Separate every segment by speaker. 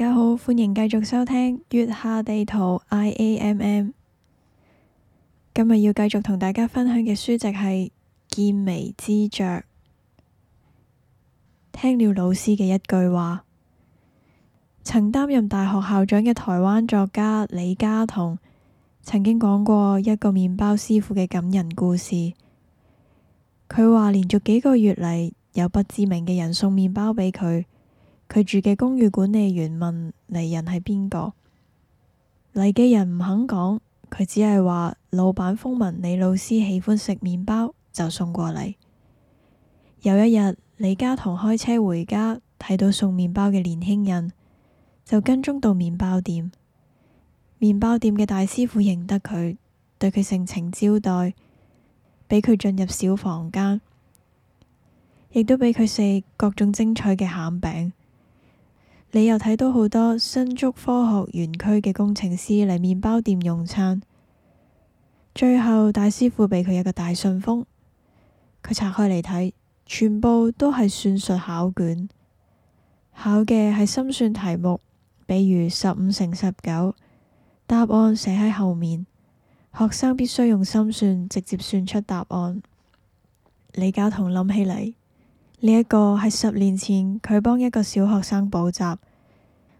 Speaker 1: 大家好，歡迎繼續收聽月下地圖 I A M M。今日要繼續同大家分享嘅書籍係《見微知著》。聽了老師嘅一句話，曾擔任大學校長嘅台灣作家李家同曾經講過一個麵包師傅嘅感人故事。佢話連續幾個月嚟，有不知名嘅人送麵包俾佢。佢住嘅公寓管理員問嚟人係邊個，嚟嘅人唔肯講，佢只係話老闆風聞李老師喜歡食麵包，就送過嚟。有一日，李家同開車回家，睇到送麵包嘅年輕人，就跟蹤到麵包店。麵包店嘅大師傅認得佢，對佢盛情招待，畀佢進入小房間，亦都畀佢食各種精彩嘅餡餅。你又睇到好多新竹科學園區嘅工程師嚟麵包店用餐。最後大師傅畀佢一個大信封，佢拆開嚟睇，全部都係算術考卷，考嘅係心算題目，比如十五乘十九，答案寫喺後面，學生必須用心算直接算出答案。李嘉同諗起嚟。呢一個係十年前，佢幫一個小學生補習，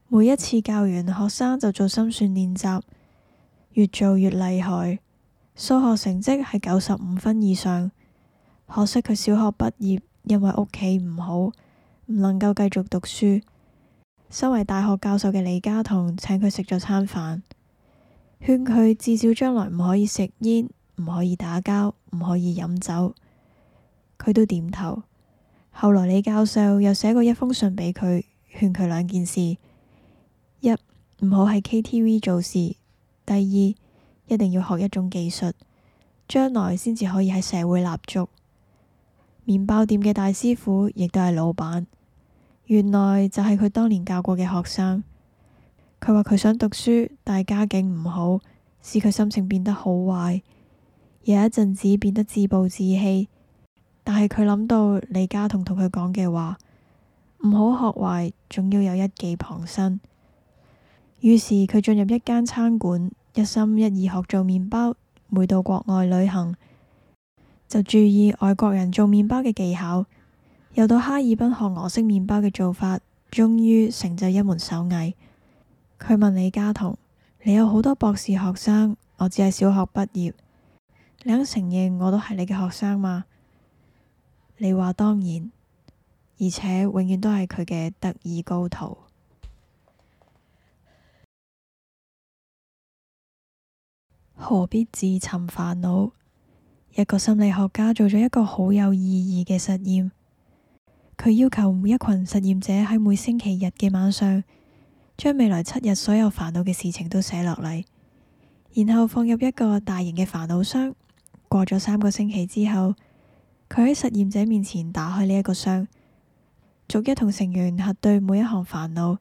Speaker 1: 每一次教完學生就做心算練習，越做越厲害，數學成績係九十五分以上。可惜佢小學畢業，因為屋企唔好，唔能夠繼續讀書。身為大學教授嘅李嘉彤請佢食咗餐飯，勸佢至少將來唔可以食煙，唔可以打交，唔可以飲酒。佢都點頭。後來李教授又寫過一封信畀佢，勸佢兩件事：一唔好喺 KTV 做事；第二，一定要學一種技術，將來先至可以喺社會立足。麵包店嘅大師傅亦都係老闆，原來就係佢當年教過嘅學生。佢話佢想讀書，但係家境唔好，使佢心情變得好壞，有一陣子變得自暴自棄。但係佢諗到李嘉彤同佢講嘅話，唔好學壞，仲要有一技傍身。於是佢進入一間餐館，一心一意學做麵包。每到國外旅行，就注意外國人做麵包嘅技巧。又到哈爾濱學俄式麵包嘅做法，終於成就一門手藝。佢問李嘉彤：「你有好多博士學生，我只係小學畢業，你肯承認我都係你嘅學生嘛？」你話當然，而且永遠都係佢嘅得意高徒，何必自尋煩惱？一個心理學家做咗一個好有意義嘅實驗，佢要求每一群實驗者喺每星期日嘅晚上，將未來七日所有煩惱嘅事情都寫落嚟，然後放入一個大型嘅煩惱箱。過咗三個星期之後。佢喺實驗者面前打開呢一個箱，逐一同成員核對每一項煩惱，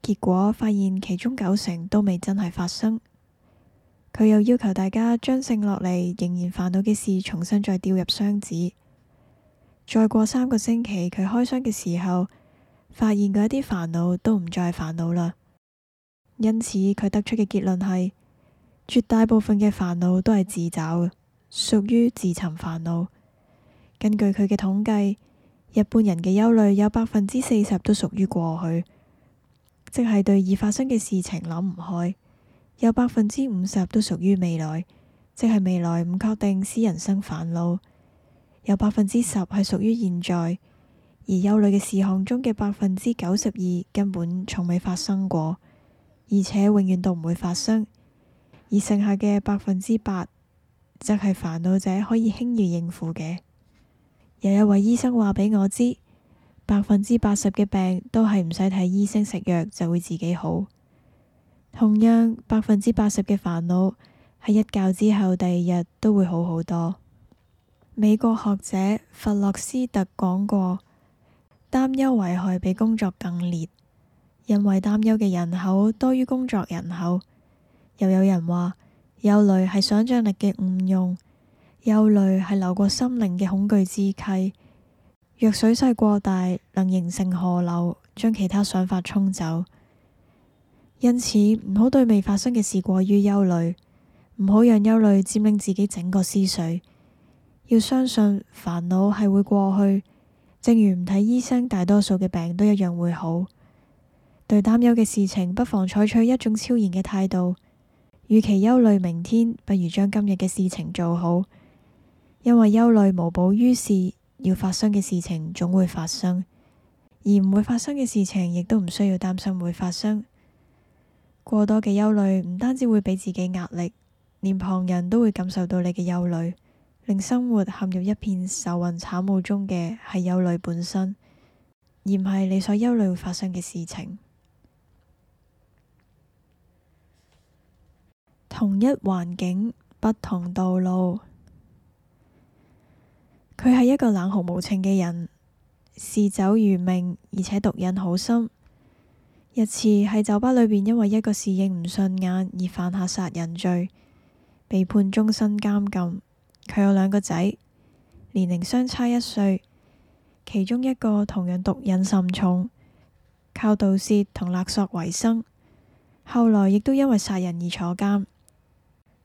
Speaker 1: 結果發現其中九成都未真係發生。佢又要求大家將剩落嚟仍然煩惱嘅事重新再丟入箱子。再過三個星期，佢開箱嘅時候，發現嗰一啲煩惱都唔再係煩惱啦。因此，佢得出嘅結論係絕大部分嘅煩惱都係自找嘅，屬於自尋煩惱。根據佢嘅統計，一般人嘅憂慮有百分之四十都屬於過去，即係對已發生嘅事情諗唔開；有百分之五十都屬於未來，即係未來唔確定使人生煩惱；有百分之十係屬於現在，而憂慮嘅事項中嘅百分之九十二根本從未發生過，而且永遠都唔會發生，而剩下嘅百分之八則係煩惱者可以輕易應付嘅。又有一位醫生話畀我知，百分之八十嘅病都係唔使睇醫生食藥就會自己好。同樣，百分之八十嘅煩惱喺一覺之後第二日都會好好多。美國學者弗洛斯特講過，擔憂危害比工作更烈，因為擔憂嘅人口多於工作人口。又有人話，憂慮係想象力嘅誤用。憂慮係流過心靈嘅恐懼之溪，若水勢過大，能形成河流，將其他想法沖走。因此唔好對未發生嘅事過於憂慮，唔好讓憂慮佔領自己整個思緒。要相信煩惱係會過去，正如唔睇醫生，大多數嘅病都一樣會好。對擔憂嘅事情，不妨採取一種超然嘅態度。與其憂慮明天，不如將今日嘅事情做好。因為憂慮無補於事，要發生嘅事情總會發生，而唔會發生嘅事情亦都唔需要擔心會發生。過多嘅憂慮唔單止會畀自己壓力，連旁人都會感受到你嘅憂慮，令生活陷入一片愁雲慘霧中嘅係憂慮本身，而唔係你所憂慮會發生嘅事情。同一環境，不同道路。佢係一個冷酷無情嘅人，嗜酒如命，而且毒癮好深。一次喺酒吧裏邊，因為一個侍應唔順眼而犯下殺人罪，被判終身監禁。佢有兩個仔，年齡相差一歲，其中一個同樣毒癮甚重，靠盜竊同勒索為生，後來亦都因為殺人而坐監。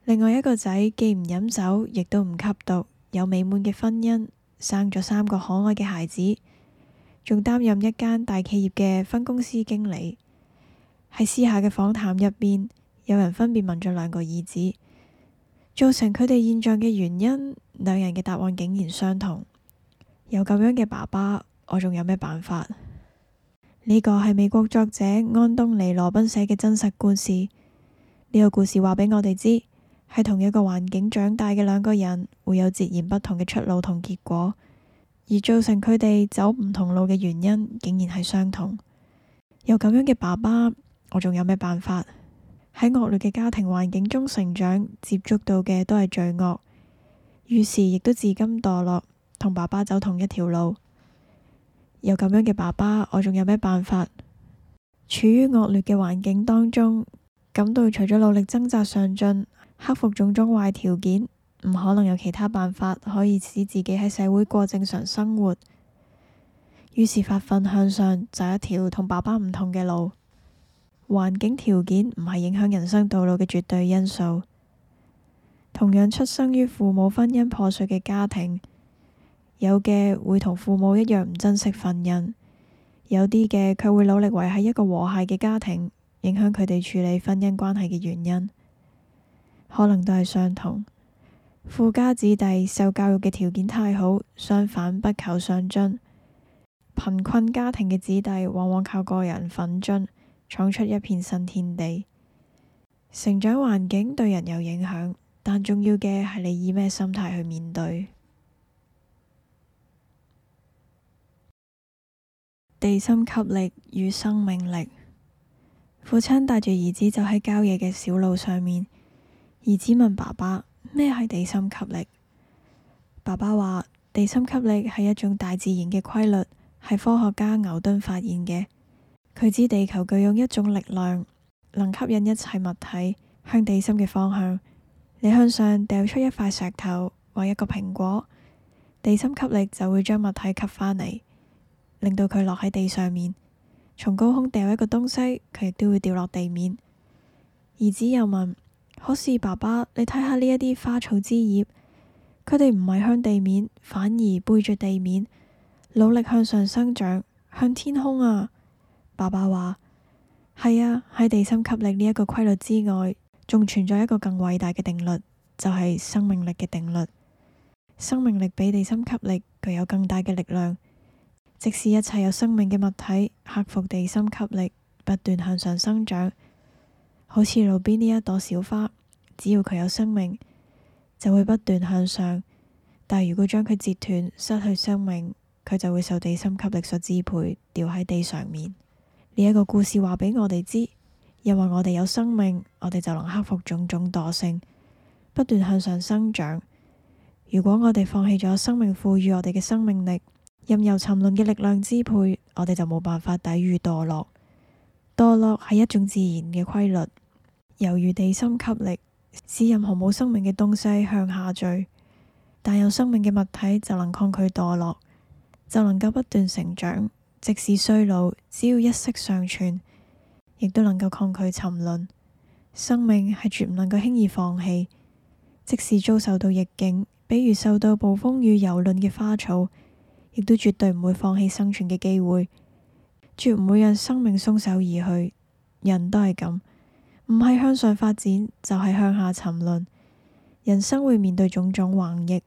Speaker 1: 另外一個仔既唔飲酒，亦都唔吸毒。有美滿嘅婚姻，生咗三個可愛嘅孩子，仲擔任一間大企業嘅分公司經理。喺私下嘅訪談入邊，有人分別問咗兩個兒子造成佢哋現象嘅原因，兩人嘅答案竟然相同。有咁樣嘅爸爸，我仲有咩辦法？呢個係美國作者安東尼羅賓寫嘅真實故事。呢個故事話畀我哋知。喺同一個環境長大嘅兩個人，會有截然不同嘅出路同結果，而造成佢哋走唔同路嘅原因，竟然係相同。有咁樣嘅爸爸，我仲有咩辦法？喺惡劣嘅家庭環境中成長，接觸到嘅都係罪惡，於是亦都自甘墮落，同爸爸走同一條路。有咁樣嘅爸爸，我仲有咩辦法？處於惡劣嘅環境當中，感到除咗努力掙扎上進。克服種種壞條件，唔可能有其他辦法可以使自己喺社會過正常生活。於是發奮向上，走一條同爸爸唔同嘅路。環境條件唔係影響人生道路嘅絕對因素。同樣出生於父母婚姻破碎嘅家庭，有嘅會同父母一樣唔珍惜婚姻，有啲嘅佢會努力維繫一個和諧嘅家庭，影響佢哋處理婚姻關係嘅原因。可能都係相同。富家子弟受教育嘅條件太好，相反不求上進。貧困家庭嘅子弟往往靠個人奮進，闖出一片新天地。成長環境對人有影響，但重要嘅係你以咩心態去面對。地心吸力與生命力。父親帶住兒子走喺郊野嘅小路上面。兒子問爸爸：咩係地心吸力？爸爸話：地心吸力係一種大自然嘅規律，係科學家牛頓發現嘅。佢指地球具有一種力量，能吸引一切物體向地心嘅方向。你向上掉出一塊石頭或一個蘋果，地心吸力就會將物體吸返嚟，令到佢落喺地上面。從高空掉一個東西，佢亦都會掉落地面。兒子又問。可是，爸爸，你睇下呢一啲花草枝葉，佢哋唔係向地面，反而背住地面，努力向上生長，向天空啊！爸爸話：係啊，喺地心吸力呢一個規律之外，仲存在一個更偉大嘅定律，就係生命力嘅定律。生命力比地心吸力具有更大嘅力量，即使一切有生命嘅物體克服地心吸力，不斷向上生長。好似路邊呢一朵小花，只要佢有生命，就會不斷向上。但如果將佢折斷，失去生命，佢就會受地心吸力所支配，掉喺地上面。呢一個故事話畀我哋知，又話我哋有生命，我哋就能克服種種惰性，不斷向上生長。如果我哋放棄咗生命賦予我哋嘅生命力，任由沉淪嘅力量支配，我哋就冇辦法抵御墮落。墮落係一種自然嘅規律，由於地心吸力，使任何冇生命嘅東西向下墜。但有生命嘅物體就能抗拒墮落，就能夠不斷成長。即使衰老，只要一息尚存，亦都能夠抗拒沉淪。生命係絕唔能夠輕易放棄，即使遭受到逆境，比如受到暴風雨蹂躪嘅花草，亦都絕對唔會放棄生存嘅機會。絕唔會讓生命鬆手而去，人都係咁，唔係向上發展就係向下沉淪。人生會面對種種橫逆，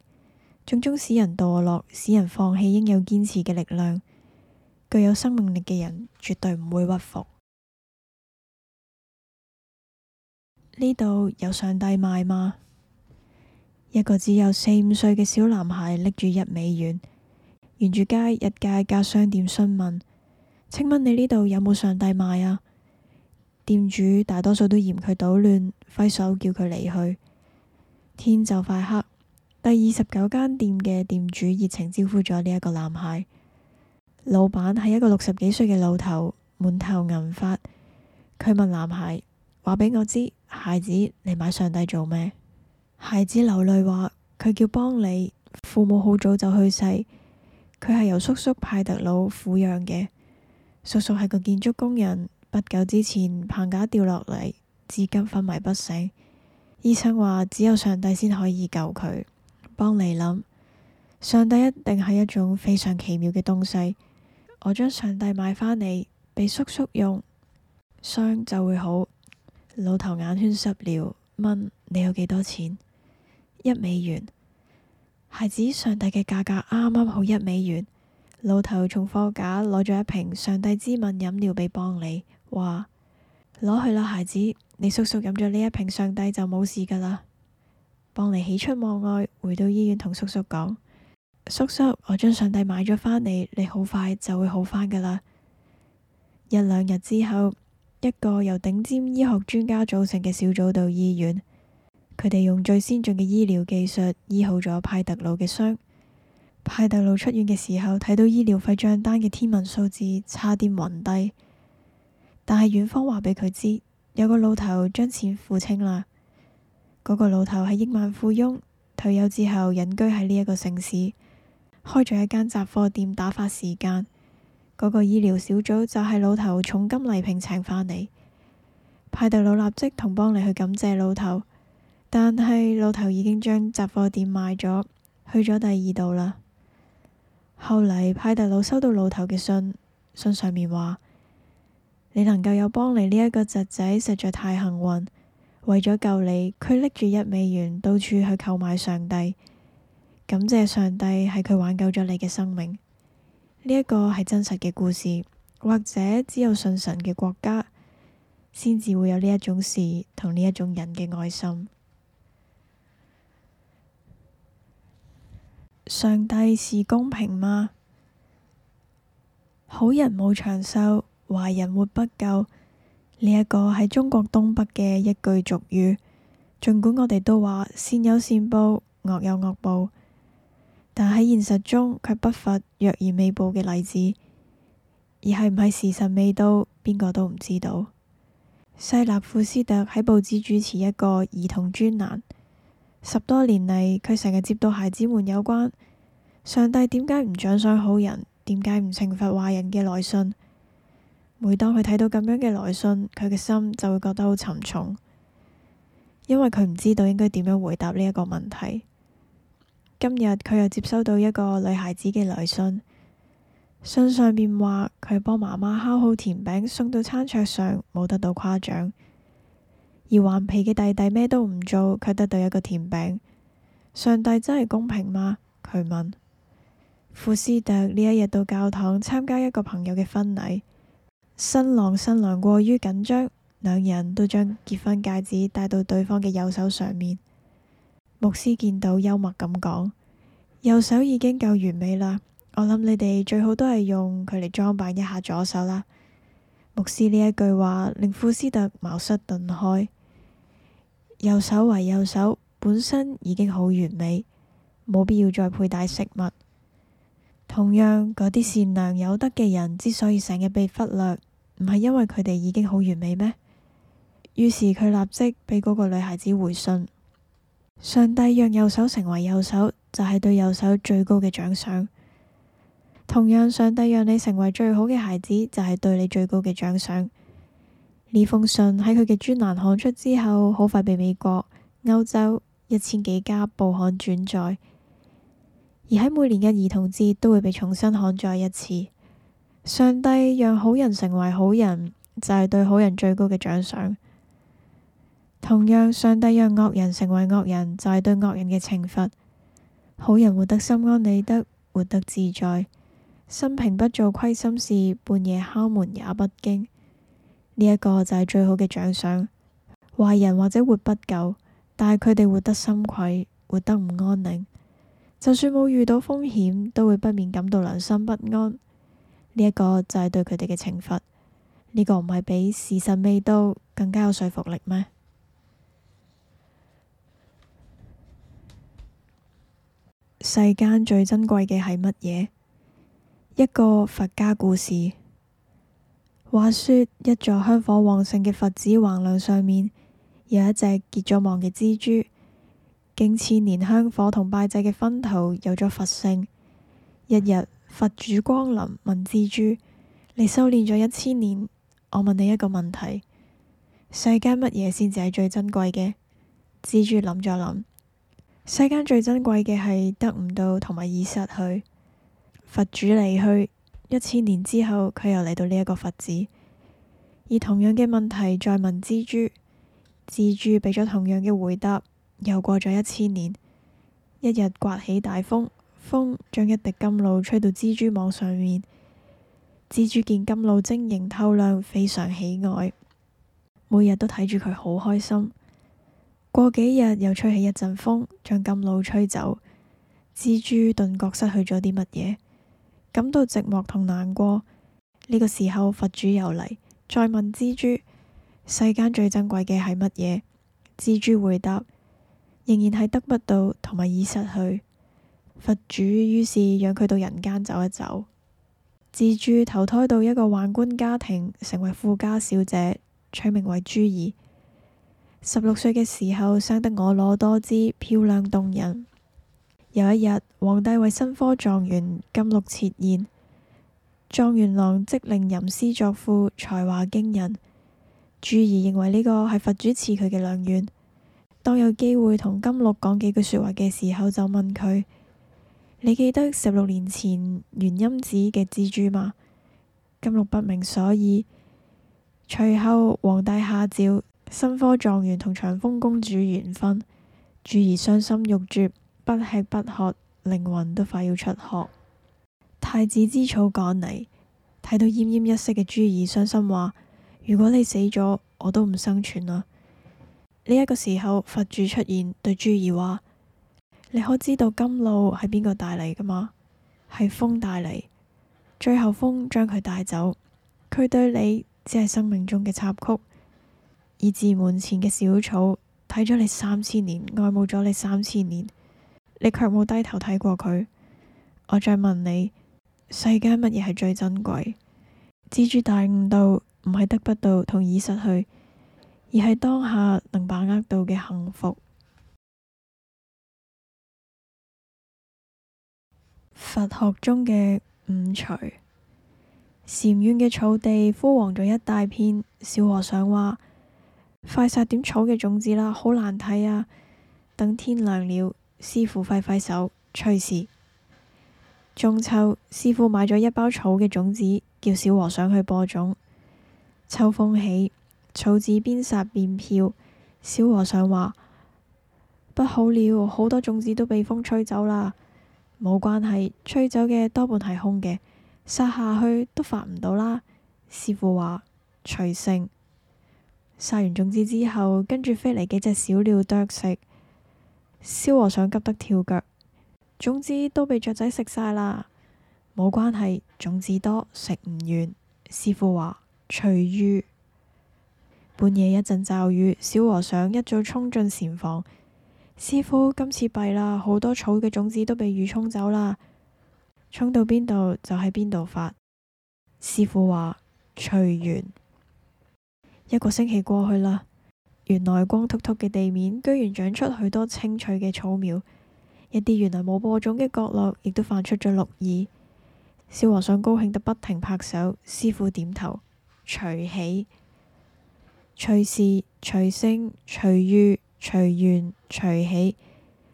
Speaker 1: 種種使人墮落、使人放棄應有堅持嘅力量。具有生命力嘅人絕對唔會屈服。呢度有上帝賣嗎？一個只有四五歲嘅小男孩拎住一美元，沿住街一間間商店詢問。請問你呢度有冇上帝賣啊？店主大多數都嫌佢搗亂，揮手叫佢離去。天就快黑，第二十九間店嘅店主熱情招呼咗呢一個男孩。老板係一個六十幾歲嘅老頭，滿頭銀發。佢問男孩：話畀我知，孩子，你買上帝做咩？孩子流淚話：佢叫幫你父母好早就去世，佢係由叔叔派特魯撫養嘅。叔叔係個建築工人，不久之前棚架掉落嚟，至今昏迷不醒。醫生話只有上帝先可以救佢。幫你諗，上帝一定係一種非常奇妙嘅東西。我將上帝買返嚟，畀叔叔用，傷就會好。老頭眼圈濕了，問你有幾多錢？一美元。孩子，上帝嘅價格啱啱好一美元。老頭從貨架攞咗一瓶上帝之吻飲料畀邦尼，話攞去啦，孩子，你叔叔飲咗呢一瓶上帝就冇事噶啦。邦尼喜出望外，回到醫院同叔叔講：叔叔，我將上帝買咗返嚟，你好快就會好返噶啦。一兩日之後，一個由頂尖醫學專家組成嘅小組到醫院，佢哋用最先進嘅醫療技術醫好咗派特魯嘅傷。派第路出院嘅時候，睇到醫療費賬單嘅天文數字，差啲暈低。但係院方話畀佢知，有個老頭將錢付清啦。嗰、那個老頭係億萬富翁，退休之後隱居喺呢一個城市，開咗一間雜貨店打發時間。嗰、那個醫療小組就係老頭重金禮聘請返嚟。派第路立即同幫你去感謝老頭，但係老頭已經將雜貨店賣咗，去咗第二度啦。後嚟派大佬收到老頭嘅信，信上面話：你能夠有幫你呢一個侄仔，實在太幸運。為咗救你，佢拎住一美元到處去購買上帝，感謝上帝係佢挽救咗你嘅生命。呢一個係真實嘅故事，或者只有信神嘅國家，先至會有呢一種事同呢一種人嘅愛心。上帝是公平嗎？好人冇長壽，壞人活不夠。呢、這、一個係中國東北嘅一句俗語。盡管我哋都話善有善報，惡有惡報，但喺現實中卻不乏若而未報嘅例子。而係唔係時辰未到，邊個都唔知道。西納庫斯特喺報紙主持一個兒童專欄。十多年嚟，佢成日接到孩子們有關上帝點解唔獎賞好人、點解唔懲罰壞人嘅來信。每當佢睇到咁樣嘅來信，佢嘅心就會覺得好沉重，因為佢唔知道應該點樣回答呢一個問題。今日佢又接收到一個女孩子嘅來信，信上面話佢幫媽媽烤好甜餅送到餐桌上，冇得到誇獎。而頑皮嘅弟弟咩都唔做，卻得到一個甜餅。上帝真係公平嗎？佢問。傅斯特呢一日到教堂參加一個朋友嘅婚禮，新郎新娘過於緊張，兩人都將結婚戒指戴到對方嘅右手上面。牧師見到，幽默咁講：右手已經夠完美啦，我諗你哋最好都係用佢嚟裝扮一下左手啦。牧師呢一句話令傅斯特茅塞頓開。右手為右手，本身已經好完美，冇必要再佩戴飾物。同樣，嗰啲善良有德嘅人之所以成日被忽略，唔係因為佢哋已經好完美咩？於是佢立即畀嗰個女孩子回信：上帝讓右手成為右手，就係對右手最高嘅獎賞。同樣，上帝讓你成為最好嘅孩子，就係對你最高嘅獎賞。呢封信喺佢嘅專欄刊出之後，好快被美國、歐洲一千幾家報刊轉載，而喺每年嘅兒童節都會被重新刊載一次。上帝讓好人成為好人，就係對好人最高嘅獎賞；同樣，上帝讓惡人成為惡人，就係對惡人嘅懲罰。好人活得心安理得，活得自在，心平不做虧心事，半夜敲門也不驚。呢一個就係最好嘅獎賞，壞人或者活不久，但係佢哋活得心愧，活得唔安寧。就算冇遇到風險，都會不免感到良心不安。呢、這、一個就係對佢哋嘅懲罰。呢、這個唔係比時辰未到更加有說服力咩？世間最珍貴嘅係乜嘢？一個佛家故事。話說，一座香火旺盛嘅佛寺橫梁上面有一隻結咗網嘅蜘蛛，經千年香火同拜祭嘅燻陶，有咗佛性。一日，佛主光臨，問蜘蛛：你修煉咗一千年，我問你一個問題，世間乜嘢先至係最珍貴嘅？蜘蛛諗咗諗，世間最珍貴嘅係得唔到同埋已失去。佛主離去。一千年之後，佢又嚟到呢一個佛寺，而同樣嘅問題再問蜘蛛，蜘蛛畀咗同樣嘅回答。又過咗一千年，一日刮起大風，風將一滴甘露吹到蜘蛛網上面。蜘蛛見甘露晶瑩透亮，非常喜愛，每日都睇住佢好開心。過幾日又吹起一陣風，將甘露吹走，蜘蛛頓覺失去咗啲乜嘢。感到寂寞同難過。呢個時候，佛主又嚟再問蜘蛛：世間最珍貴嘅係乜嘢？蜘蛛回答：仍然係得不到同埋已失去。佛主於是讓佢到人間走一走。蜘蛛投胎到一個宦官家庭，成為富家小姐，取名為蛛兒。十六歲嘅時候，生得婀娜多姿、漂亮動人。有一日，皇帝為新科狀元金祿設宴。狀元郎即令吟詩作賦，才華驚人。朱兒認為呢個係佛主賜佢嘅良緣。當有機會同金祿講幾句說話嘅時候，就問佢，你記得十六年前元音子嘅蜘蛛嗎？金祿不明所以。隨後，皇帝下詔新科狀元同長風公主完婚。朱兒傷心欲絕。不吃不喝，靈魂都快要出竅。太子之草趕嚟，睇到奄奄一息嘅蛛兒，傷心話：如果你死咗，我都唔生存啦。呢一個時候，佛祖出現，對蛛兒話：你可知道甘露係邊個帶嚟噶嘛？係風帶嚟，最後風將佢帶走。佢對你只係生命中嘅插曲，以至門前嘅小草睇咗你三千年，愛慕咗你三千年。你卻冇低頭睇過佢。我再問你，世間乜嘢係最珍貴？蜘蛛大悟到，唔係得不到同已失去，而係當下能把握到嘅幸福。佛學中嘅五隨，禪院嘅草地枯黃咗一大片。小和尚話：快撒點草嘅種子啦，好難睇啊！等天亮了。師父揮揮手，隨時。中秋，師父買咗一包草嘅種子，叫小和尚去播種。秋風起，草籽邊撒邊飄。小和尚話：不好了，好多種子都被風吹走啦。冇關係，吹走嘅多半係空嘅，撒下去都發唔到啦。師父話：隨性。撒完種子之後，跟住飛嚟幾隻小鳥啄食。小和尚急得跳腳，種子都被雀仔食晒啦。冇關係，種子多食唔完。師傅話隨遇。半夜一陣驟雨，小和尚一早衝進禪房。師傅，今次弊啦，好多草嘅種子都被雨沖走啦。沖到邊度就喺邊度發。師傅話隨緣。一個星期過去啦。原來光禿禿嘅地面，居然長出許多青翠嘅草苗；一啲原來冇播種嘅角落，亦都泛出咗綠意。小和尚高興得不停拍手，師父點頭。隨喜、隨時、隨聲、隨遇、隨緣、隨喜，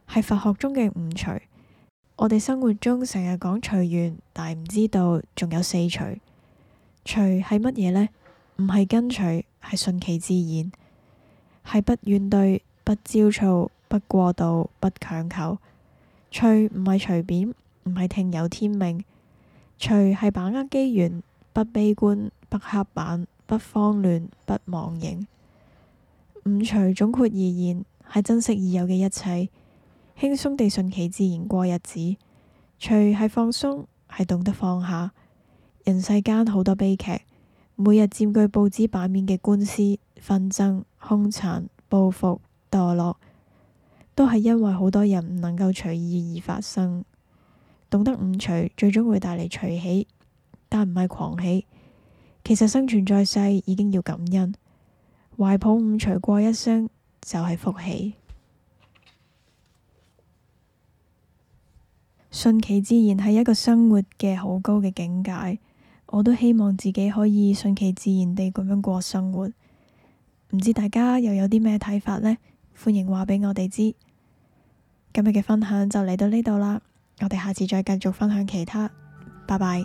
Speaker 1: 係佛學中嘅五隨。我哋生活中成日講隨緣，但係唔知道仲有四隨。隨係乜嘢呢？唔係跟隨，係順其自然。係不怨懟，不焦躁，不過度，不強求。隨唔係隨便，唔係聽由天命，隨係把握機緣，不悲觀，不刻板，不慌亂，不妄形。唔隨總括而言，係珍惜已有嘅一切，輕鬆地順其自然過日子。隨係放鬆，係懂得放下。人世間好多悲劇。每日佔據報紙版面嘅官司、紛爭、兇殘、報復、墮落，都係因為好多人唔能夠隨意而發生。懂得五隨，最終會帶嚟隨喜，但唔係狂喜。其實生存在世已經要感恩，懷抱五隨過一生就係福氣。順其自然係一個生活嘅好高嘅境界。我都希望自己可以順其自然地咁樣過生活，唔知大家又有啲咩睇法呢？歡迎話畀我哋知。今日嘅分享就嚟到呢度啦，我哋下次再繼續分享其他。拜拜。